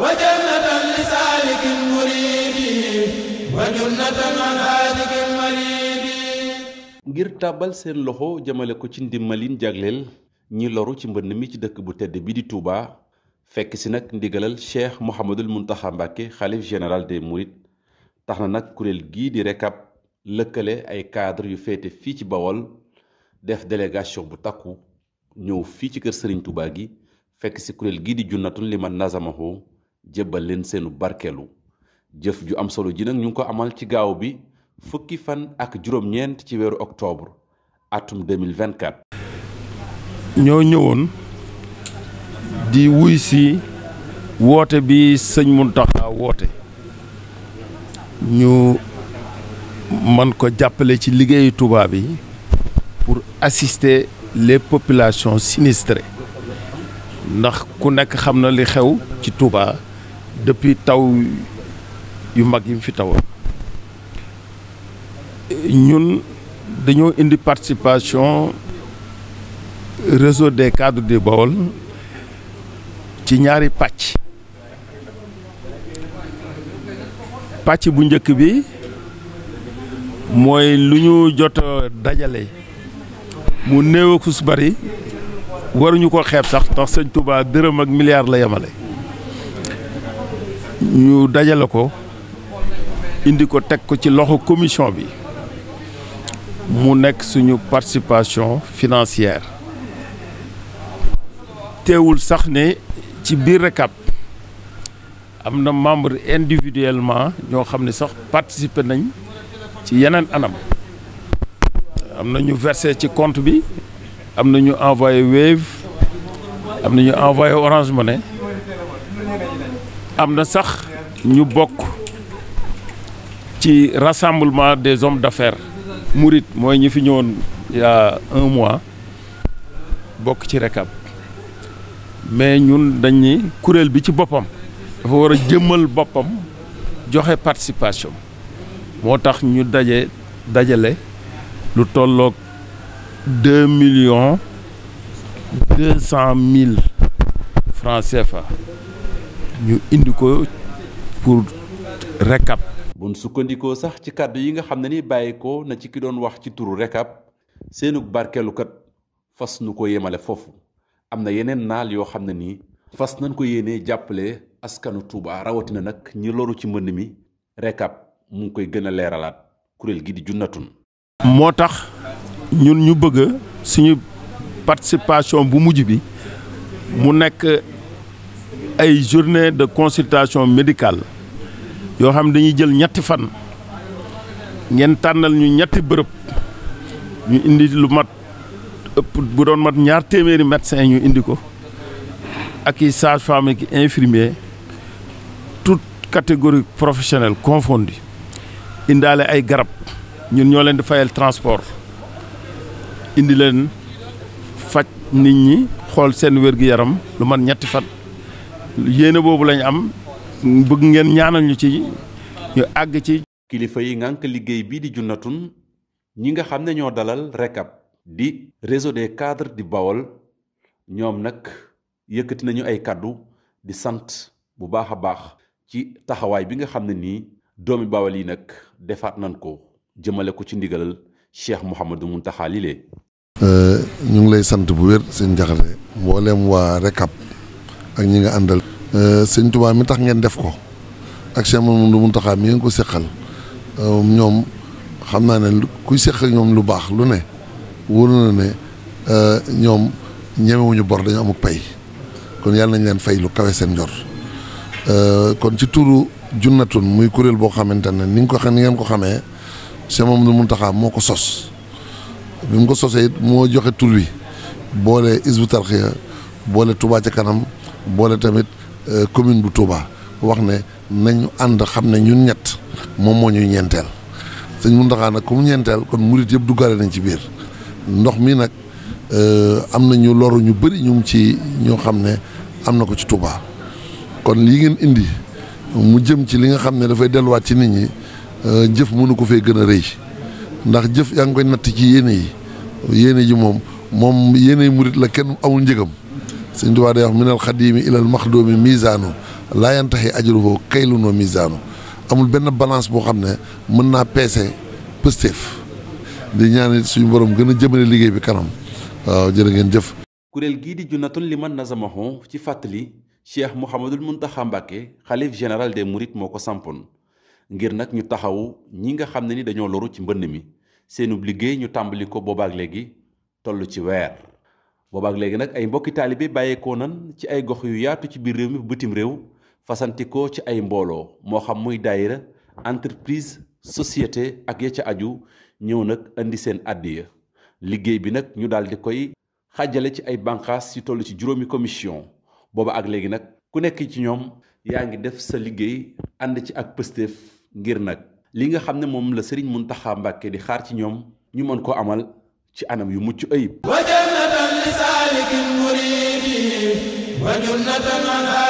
wa jannatan li saalikin muridi wa jannatan an haadikin maridi ngir tàbbal seen loxo jamale ko ci ndimmalin jagleel ñi loru ci mbënn mi ci dëkk bu tedd bi di Touba fekk si nag ndigalal Cheikh Mouhamadul Mountakha Mbacké xalif général de Mourides tax na nag kuréel gii di rekab lëkkale ay cadre yu féete fii ci Bawol def délégation bu takku ñëw fii ci kër sëriñ Touba gi fekk si kuréel gi di junnatul liman nazamahu jébbal leen seenu barkeelu jëf ju am solo ji nag ñu ngi ko amal ci gaaw bi fukki fan ak juróom-ñeent ci weeru octobre atum 2024. ñoo ñëwoon di wuy si woote bi sëñ Muntaxa woote ñu man ko jàppale ci liggéeyu Tuubaa yi pour assister les populations sinistrées ndax ku nekk xam na li xew ci Tuubaa depuis taw yu mag yi mu fi tawoon ñun dañoo indi participation réseau de cadres du Baol ci ñaari pàcc pàcc bu njëkk bi mooy lu ñu jot dajale mu néew ak su bari waruñu ko xeeb sax ndax sëñ Touba dërëm ak milliard la yemale ñu dajale ko indi ko teg ko ci loxo commission bi mu nekk suñu participation financière teewul sax ne ci biir récap am na membre individuellement ñoo xam ne sax participer nañ ci yeneen anam am na ñu versé ci compte bi am na ñu envoyé Wave am na ñu envoyé Orange Money am na sax ñu bokk ci rassemblement des hommes d'affaires murit mooy ñi fi ñëwoon y un mois bokk ci rekab mais ñun dañ kuréel bi ci boppam dafa war a jëmmal boppam joxe participation moo tax ñu daje dajale lu tollook deux millions deux cent mille francs fa ñu indi ko pour RECAP. bun sukkandikoo sax ci kàddu yi nga xam ne ni bàyyi ko na ci ki doon wax ci turu RECAP seenug barkeelukat fas nu ko yemale foofu am na yeneen naal yoo xam ne ni fas nañ ko yéenee jàppale askanu Touba rawatina nag ñi loru ci mbënd mi RECAP mu ngi koy gën a leeralaat kuréel gi di junnatun moo tax ñun ñu bëgg suñu participation bu mujj bi mu nekk ay journée de consultation médicale yoo xam dañuy jël ñetti fan ngeen tànnal ñu ñetti bërëb ñu indi lu mat ëpp bu doon mat ñaar téeméeri médecin ñu indi ko ak i sage-femme ki infirmier toute catégorie professionnelle confondue indaale ay garab ñun ñoo leen di fayal transport indi leen faj nit ñi xool seen wér-gu-yaram lu mat ñetti fan yéene boobu lañu am bëgg ngeen ñaanal ñu ci ñu àgg ci. kilifa yi ngànk liggéey bii di Junatun ñi nga xam ne ñoo dalal RECAP di réseau des cadres di Bawol ñoom nag yëkkati nañu ay kàddu di sant bu baax a baax ci taxawaay bi nga xam ne nii doomi Bawol yi nag defaat nañ ko jëmale ko ci ndigalal Cheikh Mouhamadou Mountakha lile. Euh, ñu ngi lay sant bu wér seen jaxate mboolem waa RECAP ak ñi nga àndal. Euh, sëñ Tuubaa mi tax ngeen def ko ak Cheikh Mamadou Mountakha mi ngeen ko seqal euh, ñoom xam naa ne kuy ñoom lu baax lu ne wóor na ne euh, ñoom ñemewuñu bor dañu amuk pay kon yàlla nañ leen fay lu kawe seen njor kon ci turu junnatun muy kuréel boo xamante ne ni nga ko xam ni ngeen ko xamee Cheikh Mamadou Mountakha moo ko sos bi mu ko sosee it moo joxe tur wi boole Hizbut Tarqiyyah boole Touba ca kanam. boole tamit euh, commune bu Touba wax ne nañu ànd xam ne ñun ñett moom moo ñuy ñeenteel sëñ Muntaxa nag ku ñeenteel kon murit yëpp duggaale nañ ci biir ndox mii nag euh, am na ñu loru ñu bëri ñu ci ñoo xam ne am na ko ci Touba kon lii ngeen indi mu jëm ci li nga xam ne dafay delluwaat ci nit ñi euh, jëf mënu ko fee gën a rëy ndax jëf yaa ngi koy natt ci yéene yi yéene ji moom moom yéene murit la kenn amul njëgam sëñ Tuubaa day wax minal xadiimi ilal maxdoomi misaanu laa yantaxi ajruhu kaylun wa misaanu amul benn balance boo xam ne mën naa peese pëstéef di ñaan suñu borom gën a jëmale liggéey bi kanam waaw jërë ngeen jëf. kuréel gii di Junatun Liman Nazamahun ci fàttali Cheikh mën Mountakha Mbacké xalif général des murit moo ko sampoon ngir nag ñu taxawu ñi nga xam ne ni dañoo loru ci mbënn mi seenub liggéey ñu tàmbali ko boobaak léegi toll ci weer. ak léegi nag ay mbokki taalibe bàyyeekoo nan ci ay gox yu yaatu ci biir réew mi bitim réew fasantikoo ci ay mbooloo moo xam muy daayira entreprise société ak ya ca aju ñëw nag indi seen àddiya liggéey bi nag ñu daal di koy xajale ci ay bànqaas yu toll ci juróomi commission booba ak léegi nag ku nekk ci ñoom yaa ngi def sa liggéey ànd ci ak pëstéef ngir nag li nga xam ne moom la Serigne Mountakha Mbacké di xaar ci ñoom ñu mën ko amal ci anam yu mucc ayib li saalik muriidi wa jannatan